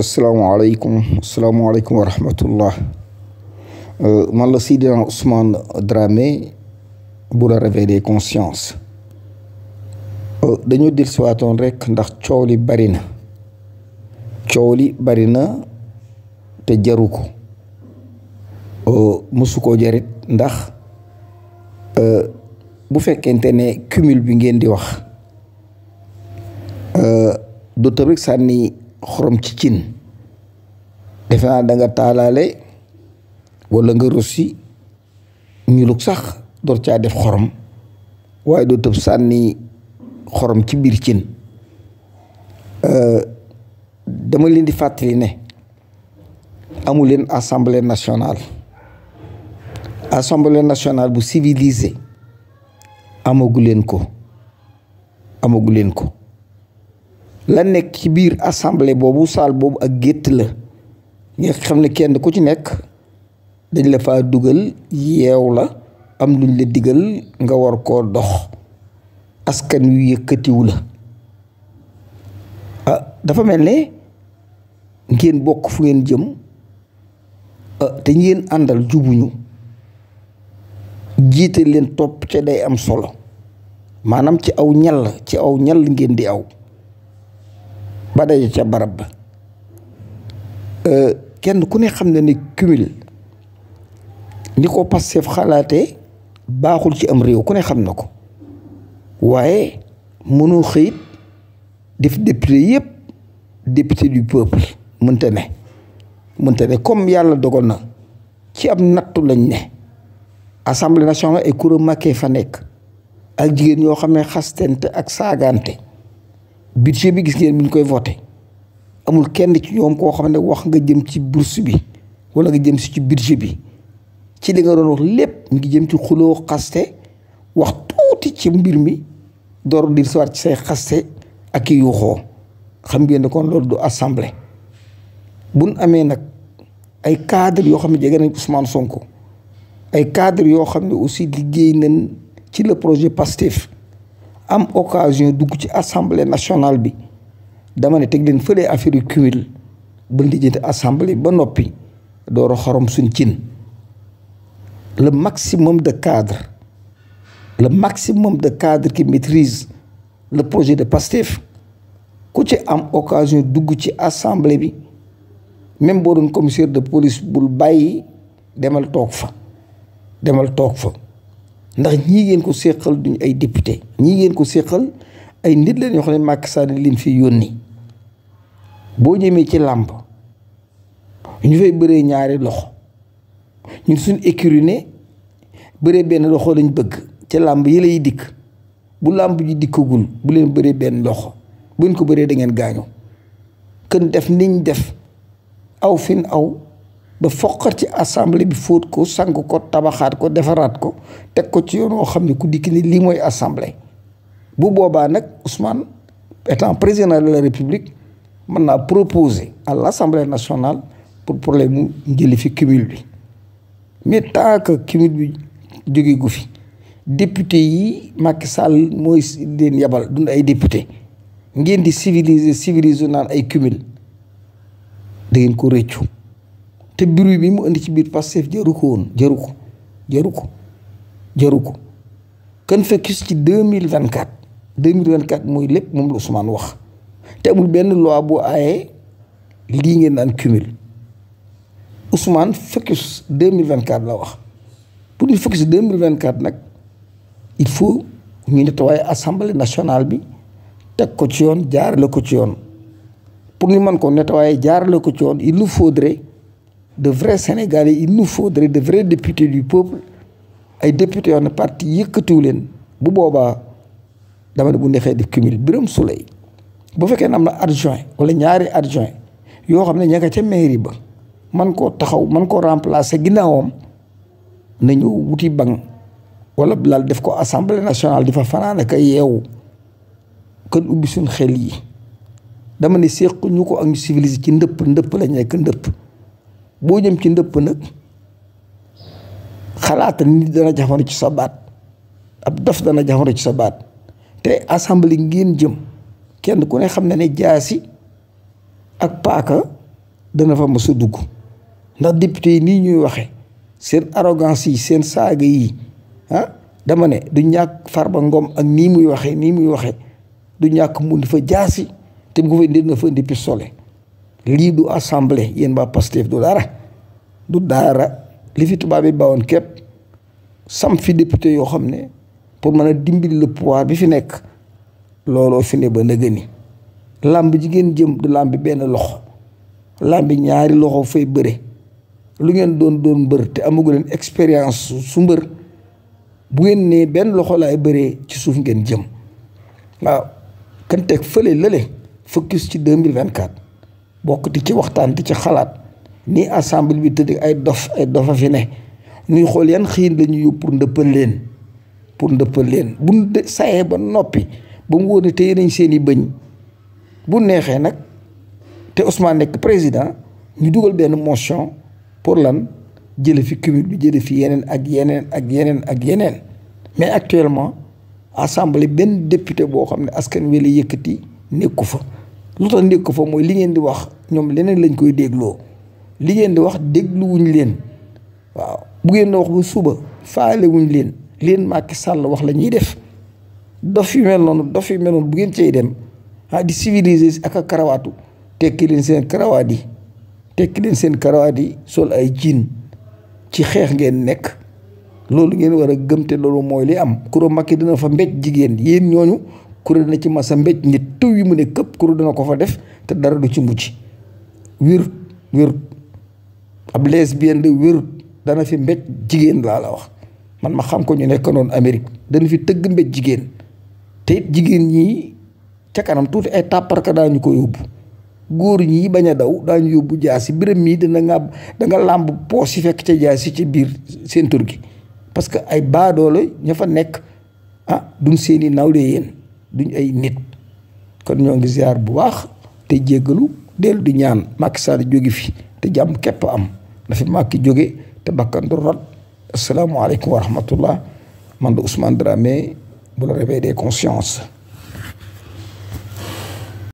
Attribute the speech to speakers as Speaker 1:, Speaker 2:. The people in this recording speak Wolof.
Speaker 1: asalaamaaleykum asalaamaaleykum wa rahmatullah euh, man la Seydina Ousmane Dramé bu la réveillé conscience euh, dañu dil siwaatoon rek ndax coow li bari na coow li bari na te jaru ko euh, mësu koo jarit ndax bu fekkente ne cumul bi ngeen di wax du tëb rek xorom ci cin defe naa danga nga taalaale wala nga russi ñulug sax door caa def xorom waaye doo tëb sànni xorom ci biir cin euh, dama leen di fàttali ne amu leen assemblée nationale assemblée nationale bu civilisée amagu leen ko amagu leen ko la nekk ci biir assemblée boobu salle boobu ak gétt la nga xam ne kenn ku ci nekk dañ la fa dugal yeew la am luñ la digal nga war koo dox askan wi yëkkatiwu la ah dafa mel ne ngeen bokk fu ngeen jëm ah, te ngeen àndal jubuñu jiite leen topp ca day am solo maanaam ci aw ñal ci aw ñal ngeen di aw ba daje ca barab ba euh, kenn ku ne xam na ni kumil ni ko Pastef xalaatee baaxul ci am réew ku ne xam na ko waaye mënoo xëyit def député yëpp député du peuple mënta ne mënta ne comme yàlla dogal na ci am nattu lañ ne assemblée nationale ay kuréel makkee fa nekk ak jigéen yoo xam ne ak saagante budget bi gis ngeen mi ñu koy voté amul kenn ci ñoom koo xam ne wax nga jëm ci bourse bi wala nga jëm si ci budget bi ci li nga doon wax lépp mu ngi jëm ci xuloo xaste wax tuuti ci mbir mi door di soir ci say xaste ak yuuxoo xam ngeen ne kon loolu du assemblée buñ amee nag ay cadre yoo xam ne jege nañ Ousmane Sonko ay cadre yoo xam ne aussi liggéey nañ ci le projet pastif am occasion dugg ci assemblée nationale bi dama ne teg leen fële affaire yu kiwil ba lijjanti assemblée ba noppi door a xorom suñ cin le maximum de cadres le maximum de cadres ki maîtrisent le projet de PASTEF ku ci am occasion dugg ci assemblée bi même boo doon commissaire de police bul bàyyi demal toog fa demal toog fa ndax ñii ngeen ko séqal duñ ay député ñii ngeen ko séqal ay nit leen ñoo xam ne Macky Sall leen fi yónni boo jëmee ci làmb ñu fay bëree ñaari loxo ñun suñ écurie ne bëree benn loxo lañ bëgg ci làmb yi lay dikk bu làmb ji dikkagul bu leen bëree benn loxo buñ ko bëree da ngeen gaañoo kën def niñ def aw fin aw ba foqar ci assemblée bi fóot ko sangu ko tabaxaat ko defaraat ko teg ko ci yoon woo xam ne ku dikk ni lii mooy assemblée bu boobaa nag Ousmane étant président de la république mën naa proposer à l' assemblée nationale pour problème mu njëli fi cumul bi mais tant que cumul bi jóge gu fi député yi Macky Sall mooy leen yabal dund ay député ngeen di civiliser civiliser naan ay cumul da ngeen ko rëccu. te bruit bi mu indi ci biir Pastef jëru ko woon jëru ko jëru ko jëru ko kan fekkus ci deux mille vingt quatre deux mille vingt quatre mooy lépp moom la Ousmane wax te amul benn loi bu aaye lii ngeen naan kumil Ousmane focus deux mille vingt quatre la wax pour ñu focus deux mille vingt quatre nag il faut ñu nettoyer assemblée nationale bi teg ko ci yoon jaarale ko ci yoon pour ñu mën ko nettoyer jaarale ko ci yoon il nous faudrait de vrai Sénégalais il nous faudrait de vrais députés du peuple ay députés yoon ne parti yëkkatiw leen bu boobaa dama ne bu neexee def cumul Birame Souleye bu fekkee ne am na adjoint wala ñaari adjoint yoo xam ne ña nga ca mairie ba man koo taxaw man koo remplacer ginnaawam na ñëw wuti bang wala laal def ko assemblée nationale di fa fanaan ak yeewu kon ubbi suñ xel yi dama ne séq ñu ko ak ñu civilisé ci ndëpp ndëpp la nekk ndëpp boo jëm ci ndëpp nag xalaatal nit dana jafandu ci sa baat ab dof dana jafandu ci sa baat te assemblée ngeen jëm kenn ku ne xam na ne jaasi ak paaka dana fa mos a dugg ndax député yi nii ñuy waxe seen arrogance yi seen saaga yi ah, dama ne du ñàkk far ba Ngom ak nii muy waxe nii muy waxe du ñàkk mu di fa jaasi te bu ko fa indi na fa indi pistolet lii du assemblée yéen waa Pastef du dara du dara li fi tubaab yi bawoon képp sam fi député yoo xam ne pour mën a dimbil le pouvoir bi fi nekk looloo fi ne ba nëgëni làmb jigéen jëm du làmb benn loxo làmb ñaari loxo fay bëre lu ngeen doon doon mbër te amagu leen expérience su mbër bu ngeen ne benn loxo laay bëree ci suuf ngeen jëm waaw kan teg fële lële focus ci 2024 bokk di ci waxtaan di ci xalaat ni assemblée bi tëdd ay dof ay dofa ne ñuy xool yan xiin lañuy yóbbu pour ndëppal leen pour ndëppal leen bu sayee ba noppi ba mu wóor ne téye nañ seen i bëñ bu neexee nag te Ousmane nekk président ñu dugal benn motion pour lan jële fi commune bi jële fi yeneen ak yeneen ak yeneen ak yeneen mais actuellement assemblée benn député boo xam ne askan wi la yëkkati nekku fa lu tax ndég ko fa mooy li ngeen di wax ñoom leneen lañ koy dégloo li ngeen di wax dégluwuñ leen waaw bu ngeen di wax ba suba faalewuñ leen leen Macky sàll wax la ñuy def dof yu mel noonu dof yu mel noonu bu ngeen cay dem ah di civiliser ak a karawaatu tekki leen seen karawaat yi tekki leen seen karawaat yi sol ay jiin ci xeex ngeen nekk loolu ngeen war a gëm te loolu mooy li am kuro Macky dina fa mbéj jigéen yéen ñooñu kuréel na ci masa mbéj nit tëw yi mu ne këpp kuréel dana ko fa def te dara du ci mujj wérut wérut ab lesbienne de wérut dana fi mbéj jigéen laa la wax man ma xam ko ñu nekk noonu Amérique dana fi tëgg mbej jigéen te it jigéen ñi ca kanam tuuti ay tàpparka daañu ko yóbbu góor ñi bañ a daw daañu yóbbu jaasi biram mii dana nga da nga làmb poos yi fekk ca jaasi ci biir seen tur gi parce que ay baadoo la ña fa nekk ah duñ seeni nawle yéen duñ ay nit kon ñoo ngi ziar bu baax te jéggalu dellu di ñaan Macky Sall jóge fi te jàmm képp am na fi Macky jóge te bakkan du rat asalaamaaleykum wa rahmatullah man la Ousmane Dramé bu la réveil des consciences